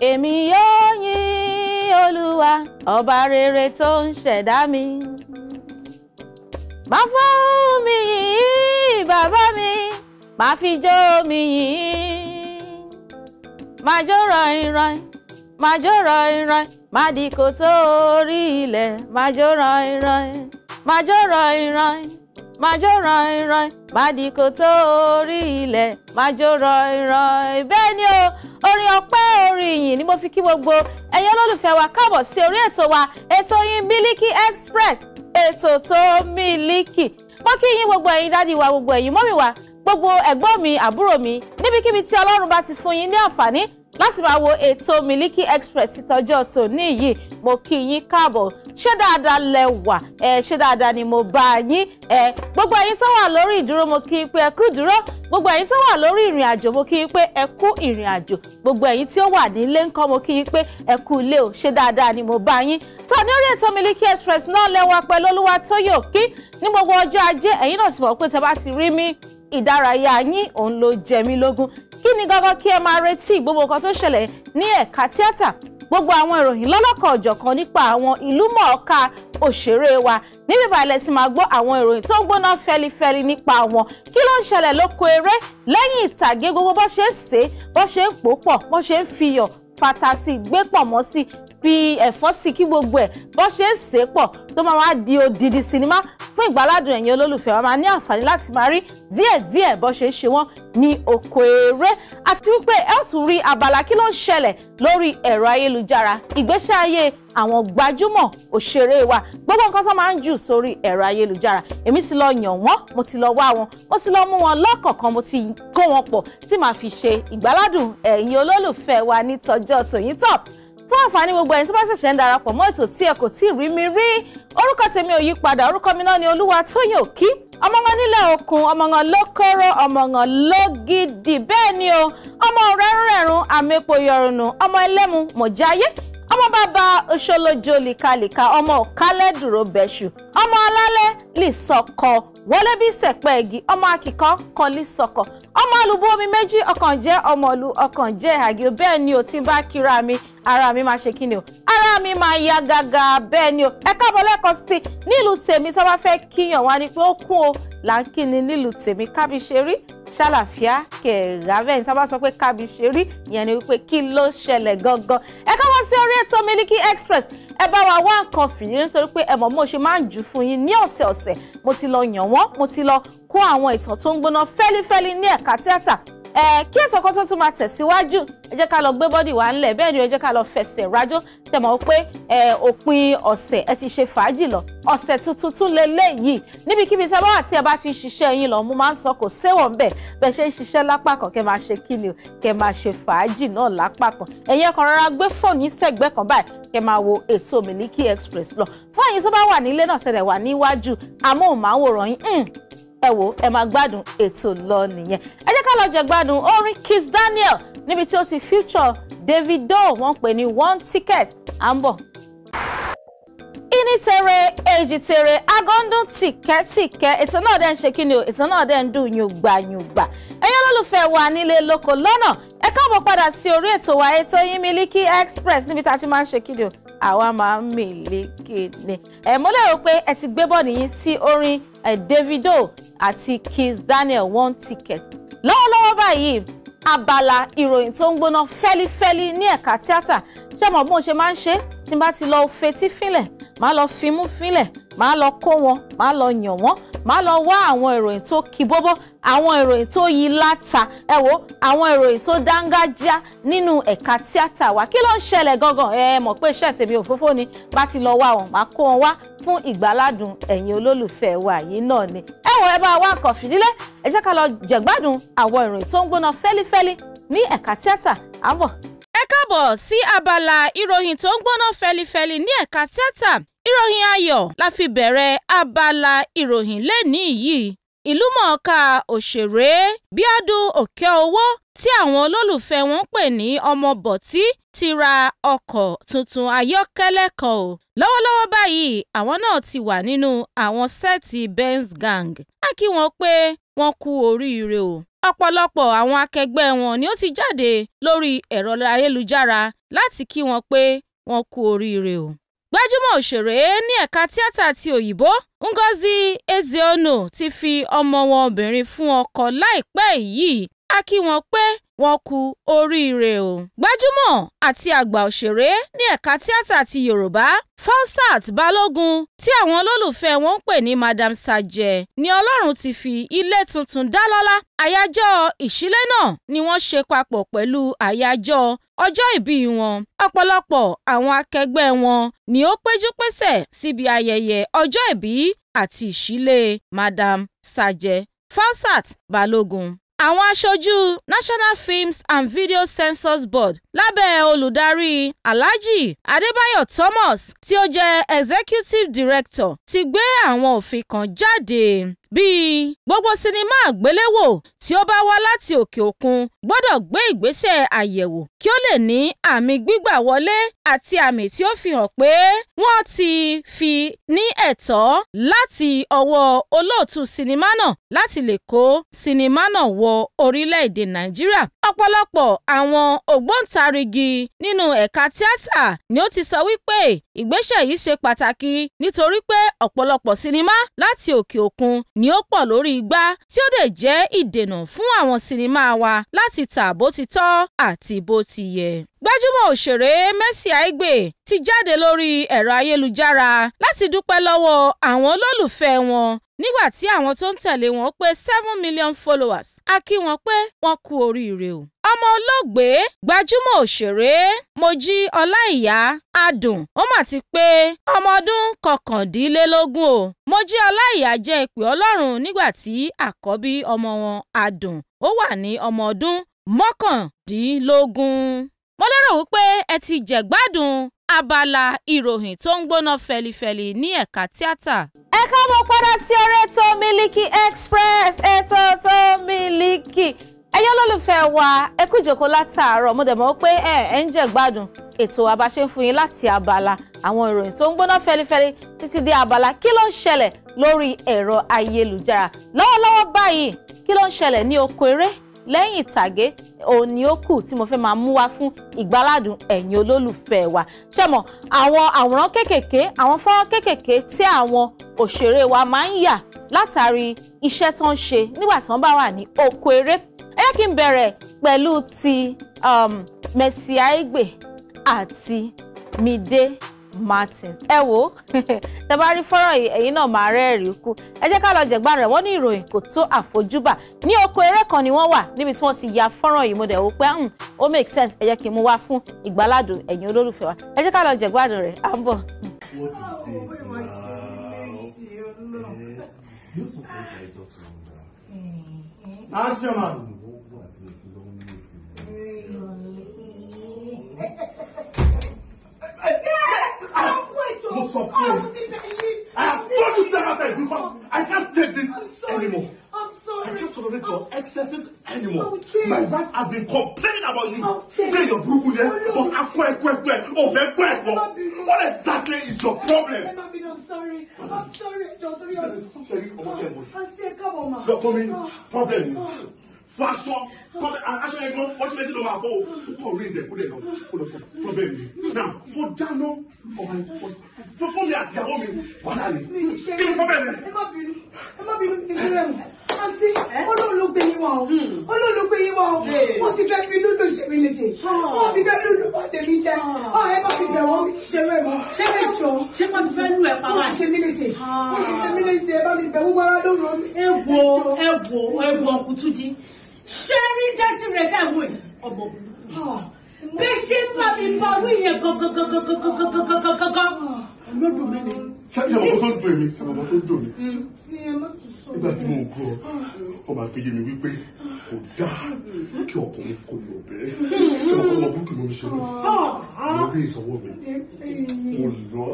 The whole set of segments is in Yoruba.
èmi yóò yìn olúwa ọba rere tó ń ṣẹ̀dá mi. máa fọ́hùn mi yìn bàbá mi máa fi jó mi yìn. máa jó rọ̀ìnrọ̀ìn máa jó rọ̀ìnrọ̀ìn máa di kòtò orí ilẹ̀ máa jó rọ̀ìnrọ̀ìn máa jó rọ̀ìnrọ̀ìn máa jó rọ̀ìnrọ̀ìn máa di kòtò orí ilẹ̀ máa jó rọ̀ìnrọ̀ìn bẹ́ẹ̀ ni o orin ọpẹ́ orin ni mo fi kí gbogbo ẹ̀yin olólùfẹ́ wa káàbọ̀ sí orí ètò wa ètò yín Miliki Express ètò tó mílíkì mo kí yín gbogbo ẹ̀yin dádì wa gbogbo ẹ̀yin mọ́mì wa gbogbo ẹ̀gbọ́n mi àbúrò mi níbikíbi tí Ọlọ́run bá ti fún yín ní àǹfààní láti máa wo ètò Miliki Express títọ́jọ́ tòní yìí mo kí yín káàbọ̀ ṣé dáadáa lẹ wà ẹ ṣé dáadáa ni mo bá yín ẹ gbogbo ẹ̀yin tó wà lórí ìdúró mo kí pé ẹ kú dúró gbogbo ẹ̀yin tó wà lórí ìrìn àjò mo kí pé ẹ kú ìrìn àjò gbogbo ẹ̀yin tí ó wà nílé ńkọ́ mo kí pé ẹ kú ilé o ṣé dáadáa ni mo bá yín tọ́ ní orí ètò Miliki Express náà lẹ́wà pẹ̀lú Olúwatóyè Òkí ní gbogbo ọjọ́ ajé ẹ̀yin náà ti mọ̀ pé tẹ bá ti rí mi ìdárayá yín òun ló jẹ mí lógún kí ni gangan kí ẹ máa retí gbogbo nǹkan tó ṣẹlẹ̀ ní ẹ̀ka tíátà gbogbo àwọn ìròyìn lọ́lọ́kan ọ̀jọ̀kan nípa àwọn ìlú mọ̀ọ́ká òṣèré wa níbi ìbàlẹ̀ tí máa gbọ́ àwọn ìròyìn tó ń gbóná fẹlifẹli nípa wọn kí ló ń ṣẹlẹ̀ lóko eré lẹ́yìn ìtàgé gbogbo bó ṣe ń sè é bó ṣe ń pò bó ṣe ń fiyọ̀ fata sí gbé pọ̀ mọ́ sí fi ẹ̀fọ́ sí kí gbogbo ẹ̀ bọ́ ṣe ń sè é pọ̀ tó máa wá di odidi sinimá fún ìgbàládùn ẹ̀yin olólùfẹ́ wa máa ní àǹfààní láti máa rí díẹ̀díẹ̀ bọ́ ṣe ń ṣe wọ́n ní oko eré àti wípé ẹ tún rí abala kí ló ń ṣẹlẹ̀ lórí ẹ̀rọ ayélujára ìgbésí ayé àwọn gbajúmọ̀ òṣèré wa gbogbo nǹkan tó máa ń jù sórí ẹ̀rọ ayélujára èmi ti lọ yàn wọ́n mo ti lọ wá wọn mo ti lọ mú wọn lọ́kọ̀ọ̀kan mo ti kó wọn pọ̀ tí màá fi ṣe ìgbàládùn ẹ̀yin olólùfẹ́ wa ní tọjọ́ tòyíntọ̀ fún àǹfààní gbogbo ẹ̀yin tó bá ṣẹ̀ṣẹ̀ ń darapọ̀ mọ́ ètò tí ẹ kò tí ì rí mi rí orúkọ tèmi ò yí padà orúkọ mi náà ni olúwa tóyìn òkí ọmọngàn nílẹ̀ òkun ọmọngàn lókòrò ọmọngàn lógidì bẹ́ẹ̀ ni o ọmọ rẹ̀rùnrẹ̀rùn àmẹ́pọ̀ yọrùnù ọmọ ẹlẹ́mu mọ̀jáyé ọmọ bàbá oṣolójo líkalíka ọmọ òkálẹ̀ dúró bẹ̀ṣù ọmọ alálẹ̀ lè sọkọ wọlé bí sẹ̀pẹ́ igi ọmọ akíkan kan lè sọkọ ọmọ alùbọ́ omi méjì ọkàn jẹ́ ọmọlú ọkàn jẹ́ àgé bẹ́ẹ̀ ni o ti bá kíra mi ara mi máa ṣe kí ni o ara mi máa ya gàgà bẹ́ẹ̀ ni o ẹ káàbọ̀ lẹ́kọ̀ọ́ sí nílùú tèmi tó bá fẹ́ kíyàn wá ni pé ó kún o là ń kí ni nílùú tèmi kábíyèsí rí ṣàlàfíà kẹ̀rà bẹ́ẹ̀ ní tá a bá sọ pé kábi ṣe rí ìyẹn ni wípé kí ló ṣẹlẹ̀ gangan ẹ káwọ́ sí orí ètò Miliki Express ẹ bá wa wá nǹkan fìdí nítorí pé ẹ mọ̀ mo ṣe máa ń jù fún yín ní ọ̀sẹ̀ọ̀sẹ̀ mo ti lọ yàn wọ́n mo ti lọ kó àwọn ìtàn tó ń gbóná fẹ́lifẹ́li ní ẹ̀ka tíátà kí ètò kan tó tún máa tẹ̀síwájú ẹ jẹ́ ká lọ gbé bọ́dì wa ńlẹ̀ bẹ́ẹ̀ ni ẹ jẹ́ ká lọ fẹsẹ̀ rájó tẹ̀ mọ́ pé òpin ọ̀sẹ̀ ẹ ti ṣe fàájì lọ ọ̀sẹ̀ tuntun tún lélẹ̀ yìí níbikíbi tí ẹ bá wà tí ẹ bá ti ń ṣiṣẹ́ yín lọ mo máa ń sọ kò séwọ̀n bẹ́ẹ̀ bẹ́ẹ̀ ṣe ń ṣiṣẹ́ lápá kan kẹ́ máa ṣe kí ni o kẹ́ máa ṣe fàájì náà lápá kan ẹ̀yin ẹ̀kan rárá gbé fóònù yín sẹ́gbẹ́ kan báyìí kẹ́ máa wo ètò Miliki Express lọ fún àyín tó bá wà nílé náà tẹ̀lé wà níwájú amóhùnmáwòrán yín hmm, ẹ wò ẹ máa gbádùn ètò lọ nìyẹn ẹ jẹ́ ká lọ jẹ gbádùn orin Kiss Daniel níbi tí ó ti feature Davido wọ́n pè ní one ticket à ń bọ̀ kíní tere èjì tere agọ́ndún tìkẹ́tìkẹ́ ètò náà dẹ̀ ń ṣe kíni o ètò náà dẹ̀ ń dùn yùngbàyùngbà ẹ̀yin olólùfẹ́ wa nílé lóko lọ́nà ẹ káàbọ̀ padà sí orí ètò wa ètò yín Miliki Express níbi tá a ti máa ń ṣe kíni o àwa máa ń Miliki ni ẹ̀ mo lérò pé ẹ ti gbé bọ́ọ̀lù yín sí orin Davido àti Kiss Daniel one ticket lọ́wọ́lọ́wọ́ báyìí abala ìròyìn tó ń gbóná fẹ́lifẹ́li ní ẹ̀ka tíátà ṣé mo bóun ṣe máa ń ṣe tí bá ti lọ fetí fínlẹ̀ màá lọ fimú fínlẹ̀ màá lọ kó wọn màá lọ yàn wọn màá lọ wá àwọn ìròyìn tó kí bóbó àwọn ìròyìn tó yí láta ẹ wo àwọn ìròyìn tó dángájá nínú ẹ̀ka tíátà wa kí ló ń ṣẹlẹ̀ gangan ẹ mọ̀ pé iṣẹ́ tèmi òfófó ni bá ti lọ wá wọn màá kó wọn wá fún ìgbáládùn ẹ̀yin olólùfẹ́ wa yìí náà ni ẹ wọ ẹ bá wa kàn fìdílé ẹ jẹ́ ká lọ jẹ̀gbádùn àwọn ìròyìn tó ń gbóná fẹ́lífẹ́lí ní ẹ̀ka tíátà àbọ̀ káàbọ̀ sí abala ìròyìn tó ń gbóná fẹlifẹli ní ẹ̀ka tíátà ìròyìn ayọ̀ la fi bẹ̀rẹ̀ abala ìròyìn lẹ́nìí yìí ìlúmọ̀ọ́ká òṣèré Bíọ́dún Òkèowó tí àwọn olólùfẹ́ wọn ń pè ní ọmọbọ̀tí ti ra ọkọ̀ tuntun ayọ́kẹ́lẹ́ kan o lọ́wọ́lọ́wọ́ báyìí àwọn náà ti wà nínú àwọn sẹ́ẹ̀tì Benz Gang a kí wọn pé wọ́n kú oríire o ọ̀pọ̀lọpọ̀ àwọn akẹgbẹ́ wọn ni ó ti jáde lórí ẹ̀rọ ayélujára láti kí wọn pé wọ́n kú oríire o gbajúmọ̀ òṣèré ní ẹ̀ka tíátà ti òyìnbó Ngozi Ezeonu ti fi ọmọ wọn obìnrin fún ọkọ láìpẹ́ yìí a kí wọn pé wọn kú oríire o. gbajúmọ̀ àti àgbà òṣèré ní ẹ̀ka tíátà ti yorùbá falsat balógun tí àwọn olólùfẹ́ wọn ń pè ní madam sajẹ ni ọlọ́run ti fi ilé tuntun dá lọ́lá àyájọ́ ìṣílé náà ni wọ́n ṣe papọ̀ pẹ̀lú àyájọ́ ọjọ́ ìbí wọn ọ̀pọ̀lọpọ̀ àwọn akẹgbẹ́ wọn ni ó péjú pésẹ̀ síbi ayẹyẹ ọjọ́ ìbí àti ìṣílé madam sajẹ falsat balógun àwọn aṣojú National Films and Video Censors Board lábẹ́ olùdarí alhaji adébáyọ̀ thomas tí ó jẹ́ executive director ti gbé àwọn òfin kan jáde bíi gbogbo sinimá àgbéléwò tí ó bá wá láti òkè òkun gbọ́dọ̀ gbé ìgbésẹ̀ àyẹ̀wò kí ó lè ní àmì gbígbà wọlé àti àmì tí ó fi hàn pé wọ́n ti fi ní ẹ̀tọ́ láti ọwọ́ olóòtú sinimá náà láti lè kó sinimá náà wọ orílẹ̀-èdè nàìjíríà ọ̀pọ̀lọpọ̀ àwọn ògbóǹta Sarigi nínú ẹ̀ka tíátà ni ó ti sọ wípé ìgbésẹ̀ yìí ṣe pàtàkì nítorí pé ọ̀pọ̀lọpọ̀ sinimá láti òkè òkun ni ó pọ̀ lórí igbá tí ó dẹ̀ jẹ́ ìdènà fún àwọn sinimá wa láti tà bó ti tọ́ àti bó ti yẹ. Gbajúmọ̀ òṣèré Mercy Aigbe ti jáde lórí ẹ̀rọ ayélujára láti dúpẹ́ lọ́wọ́ àwọn olólùfẹ́ wọn nígbà tí àwọn tó ń tẹ̀lé wọn pé seven million followers a kí wọn pé wọ́n kú oríire o ọmọ olóògbé gbajúmọ̀ òṣèré mojí ọláìyá adùn ó mà ti pé ọmọ ọdún kọkàndínlélógún o mojí ọláìyá jẹ́ ìpè ọlọ́run nígbà tí àkọ́bí ọmọ wọn adùn ó wà ní ọmọ ọdún mọ́kàndínlógún. mo lérò wípé ẹ ti jẹ̀gbádùn abala ìròyìn tó ń gbóná fẹlifẹli ní ẹ̀ka tíátà ẹ káàbọ̀ padà sí orí ètò Miliki Express ètò tó Miliki ẹyẹ olólùfẹ́ wa ẹ kú ìjókòó látàárọ̀ mo dẹ̀ mọ̀ pé ẹ ẹ ń jẹ́ gbádùn ètò àbáṣe ń fún yín láti abala àwọn ìròyìn tó ń gbóná fẹlifẹli títí dé abala kí ló ń ṣẹlẹ̀ lórí ẹ̀rọ ayélujára lọ́wọ́lọ́wọ́ báyìí kí ló ń ṣẹlẹ̀ ní oko eré lẹ́yìn ìtàgé òun ni ó kù tí mo fẹ́ máa mú wá fún ìgbáládùn ẹ̀yin olólùfẹ́ wa ṣẹ́mọ̀ àwọn àwòrán kéékèèké àwọn fọ́nrán kéékèèké tí àwọn òṣèré wa máa ń yà látàrí iṣẹ́ tó ń ṣe nígbà tí wọ́n bá wà ní oko eré ẹ kí n bẹ̀rẹ̀ pẹ̀lú ti um, Mercy Aigbe àti Mide Martins ẹ wo tẹ bá rí fọ́rọ̀ yìí ẹ̀yin náà máa rẹ́ẹ̀rí kú ẹ jẹ́ ká lọ jẹ̀gbá rẹ̀ wọ́n ní ìròyìn kò tó àfojúbà ní oko eré kan ni wọ́n wà níbi tí wọ́n ti ya fọ́rọ̀ yìí mo dẹ̀ wò pé hmm, ó make sense ẹ jẹ́ kí n mú wá fún ìgbáládùn ẹ̀yin olólùfẹ́ wa ẹ jẹ́ ká lọ jẹ̀gbá rẹ̀ à ń bọ̀. Action man. Mo sọ fún ọ. I have told you several times because I can't take this anymore. I'm sorry. I can't tolerate your excesses anymore. My wife has been complaining about you. Say your burúkú there, but akọ ẹkọ ẹkọ ẹ, o fẹ́ gbọ́ ẹ̀kọ́. What exactly is your problem? Emma bin, I'm sorry. I'm sorry. Jọ̀ọ́ I'm sorry. Sọ̀rọ̀ ọmọ tẹ̀ mọ́. Àǹtí ẹ̀ka bọ̀ ma. Lọ́kọ́ mi, problem ni faṣọ aṣọ yẹn gan ọṣù mẹsì lọ́wọ́ àfọwọ́ púpọ̀ rèézẹ̀ kó dẹ̀ lọ kó lọ fún problem mi now kó dáná fún fún mi àti ìyàwó mi wàhálà ni kí ni problem mi. ẹ má bínú ẹ má bínú nìyẹn rẹ àǹtí olóòlùgbé yín wà ó hmm. olóòlùgbé yín wà ó ó ti fẹ́ fi lúdò ṣe mi léje ó ti fẹ́ lúdò bá tèmi jẹ ọ ẹ má fi bẹ̀wọ̀ mi ṣe rẹ mọ ṣé ẹ jọ ṣé wọ́n ti fẹ́ lù ẹ̀ pa wá ṣe mi léje ó ti fẹ́ mi léje bá mi bẹ̀wọ̀ mọ́ra lóru mi. ẹ wo ẹ wo ẹ wo ọkùtù jí ṣé rí Desire tá à ń wò yìí ọmọ burúkú ah, bí ṣe ń bá mi fa orí yẹn gangan olódùn mi ni. ṣé ọmọ tó dùn mí ọmọ tó dùn mí mm, nígbà tí mo gbọ́ ọmọ àfẹyẹ mi wípé kò dáa mm. kí ọkùnrin kò lè obìnrin tí mm. ọkọ ọmọ burúkú ah. Ah. mi ń ṣe lọ mo rí ìsanwó mi mo lọ.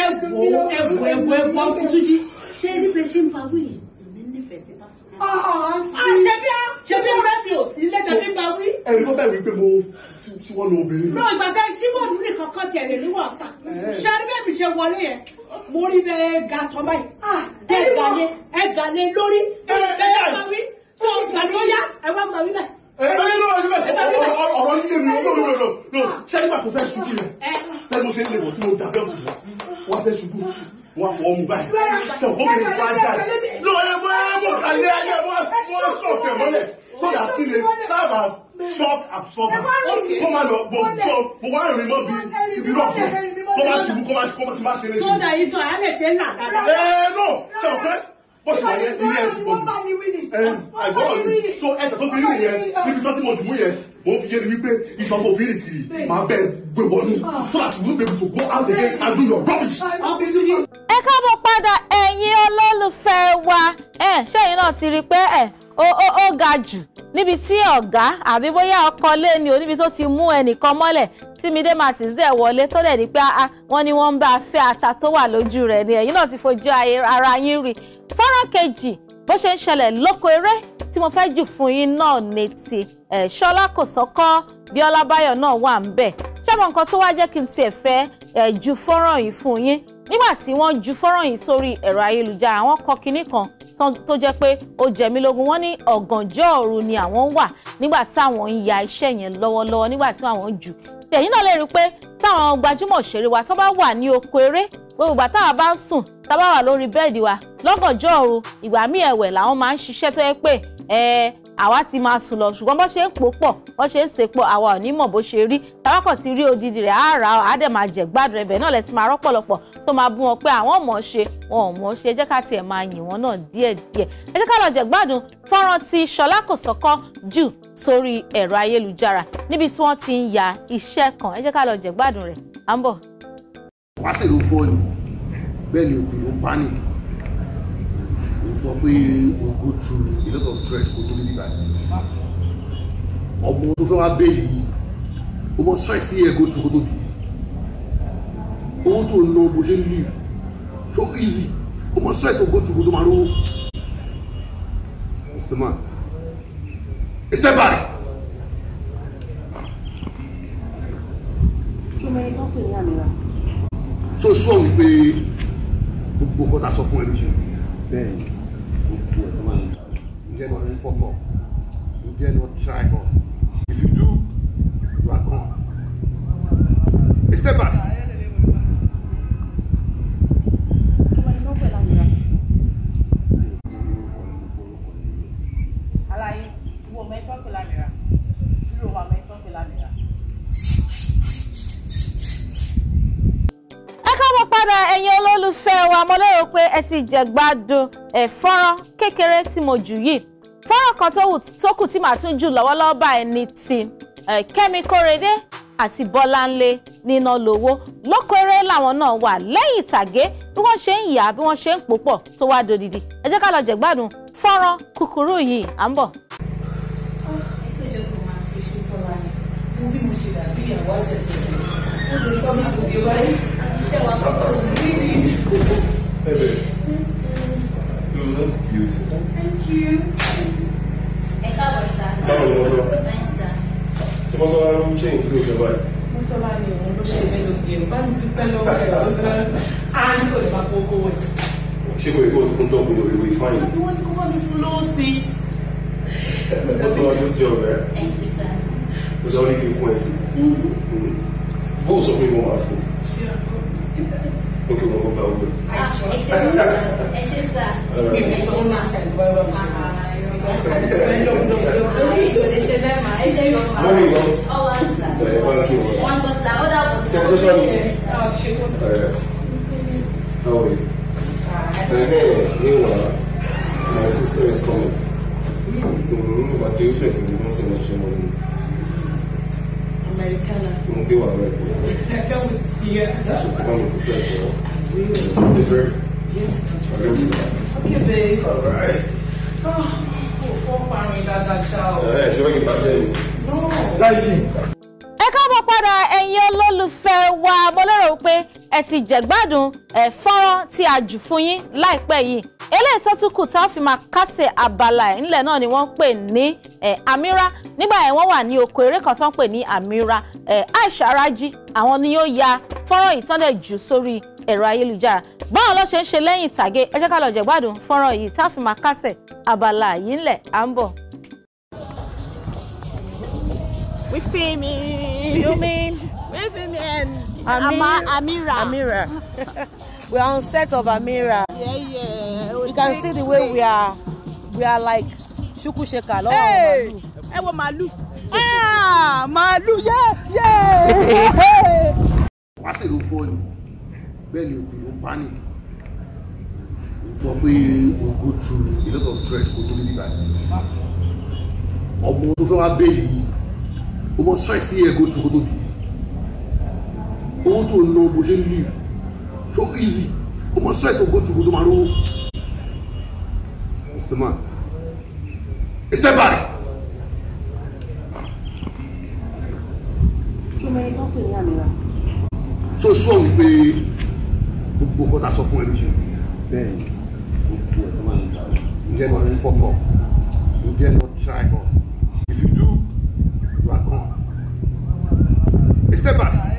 ẹ wo ẹ wo ẹ wo ẹ wo ọkùnrin tuntun ṣé rí bẹ ṣe ń bá wí yẹn. Ah, ṣebí ṣebí ọ̀rẹ́ mi ò sí lẹjọ bí bá wí. ẹni tó bẹ̀rù pé mo tí wọ́n lo obìnrin. náà ìgbà tá a ṣí bọ́ọ̀lù ní kankan tiẹ̀ lè ní wọ́n ta eh. ṣe rí bẹ́ẹ̀ mi ṣe wọlé yẹn mo rí bẹ́ẹ̀ ga tán báyìí ah, ẹ gà lé ẹ gà lé lórí eh, ẹ máa eh, wí tó gà ló yá ẹ wá máa wí bẹ́ẹ̀. ẹ ẹ lọ́wọ́ ẹ bẹ́ẹ̀ ọ̀rọ̀ yíyẹ mi lọ́wọ́ lọ́wọ́ lọ́wọ́ sẹ́yìn bàtò fẹ́ sùn kí ni mo ṣe ń lè wọ̀ tí mo dàbẹ́ òtún lọ wọ́n fẹ́ ṣubú wọ́n fọ ọmú báyìí tẹ̀ wọ́n kò fà jáde lọ́ọ̀lẹ́ bọ́ ẹ̀bùn kàlẹ́ ayé wọ́n sọ̀tẹ̀ mọ́lẹ̀ sódà sí lè serve as shock absorber kó má lọ bọ̀ jọ mo wá rìn mọ́ bí ibi rọ̀pọ̀ kó má ṣubú kó má ṣe kó má ṣe lè ṣe. sódà ìtọ̀ á lè ṣe ń là dáadáa. ẹ̀ẹ́ náà ṣe ọ̀pẹ́ bọ́sù wáyé ilé ẹ̀sìn bọ̀ ẹ̀ àgbọ̀rọ̀ mi so ẹ̀sẹ̀ tó fi rí nìyẹn níbi tó ti mọ̀ dùnmú yẹn mo fi yé ni wípé ìfà kò fi rìn kiri màá bẹ gbé wọnú so that you no be able to go out again and do your rubbish. ẹ káàbọ̀ padà ẹ̀yin olólùfẹ́ wa ẹ̀ ṣẹ́yìn náà ti rí i pé ẹ̀ ó ó ó ga jù níbi tí ọ̀gá àbí bóyá ọkọ lé ni o níbi tó ti mú ẹnìkan mọ́lẹ̀ tí Mide Martins dẹ̀ wọlé tó dẹ̀ ní pé ah, ah, wọ́n ní wọ́n ń bá a fẹ́ ata tó wà lójú rẹ̀ ni ẹ̀yin náà ti fojú ara yín rí fọ́nrán kejì bó ṣe ń ṣẹlẹ̀ lóko eré tí mo fẹ́ jù fún yín náà ní ti ṣọlá kòsọ́kọ́ bíọ́lá báyọ̀ náà wà ń bẹ̀ ṣẹ́bọ̀ nǹkan tó wá jẹ́ kí n tiẹ̀ fẹ́ ju fọ́nrán yìí fún yín nígbà tí wọ́n ju fọ́nrán yìí sórí ẹ̀rọ ayélujára àwọn kọ kinní kan tó jẹ́ pé ó jẹ̀mí lógún wọ́n ní ọ̀gànjọ́ òru ni àwọn wà nígbà táwọn ń ya iṣẹ́ yẹn lọ́wọ́lọ́wọ́ nígbà tí àwọn jù ẹ̀yin náà lè rí pé táwọn gbajúmọ̀ òṣèré wa tó bá wà ní oko eré gbogbo ìgbà táwa bá ń sùn tábà wà lórí bẹ́ẹ̀dì wa lọ́gànjọ́ òru ìgbà míì ẹ̀wẹ̀ làwọn máa ń ṣiṣẹ́ tó yẹ pé àwa ti máa sùn lọ ṣùgbọ́n bó ṣe ń pò pọ̀ bó ṣe ń ṣe pọ̀ àwa ò ní mọ̀ bó ṣe rí tàbákọ̀ ti rí odidi rẹ̀ á rà á dẹ̀ máa jẹ̀ gbádùn ẹbẹ̀ náà lẹ ti máa rọ́pọ̀lọpọ̀ tó máa bú wọn pé àwọn mọ̀ ṣe wọn ò mọ̀ ṣe jẹ́ ká tiẹ̀ máa yìn wọn náà díẹ̀díẹ̀ ẹ jẹ́ ká lọ jẹ̀ gbádùn fọ́nrán ti Ṣọlá Kòsọ́kọ́ jù sórí ẹ̀rọ ayélujára níbi tí wọ́n ti ń ya iṣẹ́ kan ẹ ká lọ jẹ̀ gbádùn rẹ̀ à ń bọ̀ wáṣẹ̀ ló fọ́ ni bẹ́ẹ̀ ni òbí ló panic ó sọ pé o go through a lot of stress kó tó níbi báyìí ọmọ tó fẹ́ wá bẹ́ẹ̀lì yìí o mọ stress ní ẹ̀gọ́ tó kó tó bìí owó tó ń ná bó ṣe ń live so easy o mọ stress tó kó tó kó tó máa lówó Mr. Man step back. Jùmọ̀ ẹ̀ lọ́kùnrin so sọ wípé gbogbo kọta sọ fún ẹ lóṣù. gbogbo ẹ máa ń sọ. you get not fok up you get not try up if you do you are gone. a step back. wa mo lérò pé ẹ ti jẹ̀gbádùn ẹ̀ fọ́nrán kékeré tí mo jù yìí fọ́nrán kan tó kù tí màá tún jù lọ́wọ́lọ́wọ́ báyìí ní ti Kẹ́mi Kórèdé àti Bọ́láńlé níná lówó lóko eré làwọn náà wà lẹ́yìn ìtàgé bí wọ́n ṣe ń yà bí wọ́n ṣe ń pòpọ̀ tó wá dodidi ẹ jẹ́ ká lọ jẹ̀gbádùn fọ́nrán kúkúrú yìí à ń bọ̀. Thank you. Baby. You look beautiful. Thank you. Ẹ káàbọ̀ sá. Báwo ni wọ́n sọ? Báyìí sá. Ṣé wọ́n sọ wá ló ń ṣe ìdúró ìjọba yìí? Wọ́n sọ wá ní òun ló ṣe mélòó bí ẹ̀ bá mi dúpẹ́ lọ́wọ́ ẹ̀ lọ́gbọ́n. A ní kò lè máa fọ owó ẹ̀. Ṣé kò yẹ kó o fún tọ́gbù ní òrìwé fáyìn? Àbí wọ́n ní kó Thank you, sir. Kò sọ wọ́n ní kí n fún ẹ sí. Bó o p o ご協力をお願いします。Eu sou s p a r c e u l o vou para eu p amo r u Domingo, Ah, vou para outro. deixa v eu ver para a o u mais. e Domingo. vou para outro. v Olança. u eu outro. a Ah, r o a r o Uma eu vou não passada, r a t eu r a outra o eu vou não passada. r a t eu r outro. eu a Você u r domingo? outro. Ah, vou para Ah, outro. eu Não, vou para outro. Chico. v Oi. u para outro. É, eu p amo. r u Mas eu vocês u para r t estão eu Ah, r vou para escondendo. vou para vou para Ah, outro. eu Não vou p a r a t e u o vou para jeito, r eu Ah, não sei mais r o u a t chamando. outro. eu vou outro. para Ah o Americana. Don't do all that. Come and see That's what I'm with the girl. Dessert? Yes, Okay, babe. All right. Ah, ẹ ṣe wáyé bá ṣe ẹni. Láìsí. Ẹ káàbọ̀ padà ẹ̀yin olólùfẹ́ wa mo lérò pé ẹ ti jẹ̀gbádùn ẹ̀fọ́rán tí a jù fún yín láìpẹ́ yìí eléyìí tó tún kù tá a fi máa kásẹ̀ abala ẹ̀ ńlẹ̀ náà ni wọ́n pè ní amira nígbà yẹn wọ́n wà ní oko eré kan tó ń pè ní amira aisha raji àwọn ni ó ya fọ́nrán ìtọ́lẹ̀ jù sórí ẹ̀rọ ayélujára báwọn ló ṣe ń ṣe lẹ́yìn ìtàgé ẹ ká lọ jẹ̀gbádùn fọ́nrán yìí tá a fi máa kásẹ̀ abala yìí ńlẹ̀ à ń bọ̀. We filming. Filming. We filming and Amir, Amira. We are on set of Amira. Yeah, yeah you can see the way we are we are like ṣukú ṣe kà lọ́wọ́ àwọn màálù. ẹ wo màálù ah, màálù yé yé. wá sí ló fọ́ ni bẹ́ẹ̀ ni òbí ló pánì sọ pé o go through a lot of stress kó tó níbi báyìí ọmọ tó fẹ́ wá bẹ́ẹ̀ yìí o mọ stress ní ẹ̀gọ́ tó kó tó bìí owó tó ń ná bó ṣe ń live so easy o mọ stress tó kó tó kó tó máa rówó. It's the man. Step back. so so we, gbogbo kọta sọ fún ẹlú ṣe. bẹ́ẹ̀ni gbogbo ẹ you get not fok up you get not try up if you do you are gone. step back.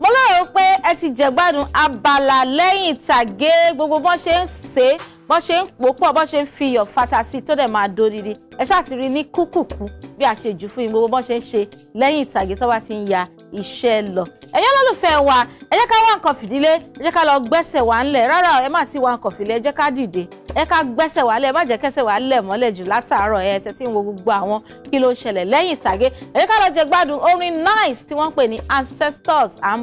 mo lérò pé ẹ ti jẹ̀gbádùn abala lẹ́yìn ìtàgé gbogbo bọ́n ṣe ń ṣe é bọ́n ṣe ń pò bọ́n ṣe ń fi iyọ̀ fata sí tó dẹ̀ máa doriri ẹ ṣáà ti rí ní kúkùkù bí a ṣe jù fún yín gbogbo bọ́n ṣe ń ṣe lẹ́yìn ìtàgé tó bá ti ń ya iṣẹ́ lọ. ẹ̀yin olólùfẹ́ wa ẹ jẹ́ ká wá nǹkan fìdílé ẹ jẹ́ ká lọ gbẹ́sẹ̀ wá ńlẹ̀ rárá ẹ má ti wá nǹkan fìdílé ẹ jẹ́ ká dìde ẹ ká gbẹ́sẹ̀ wálẹ̀ má jẹ́ kẹ́sẹ̀ wálẹ̀ mọ́lẹ̀ jù látàárọ̀ ẹ tẹ́tí ń wo gbogbo àwọn kí ló ń ṣẹlẹ̀ lẹ́yìn ìtàgé ẹ jẹ́ ká lọ jẹ gbádùn orin nice tí wọ́n ń pè ní ancestors à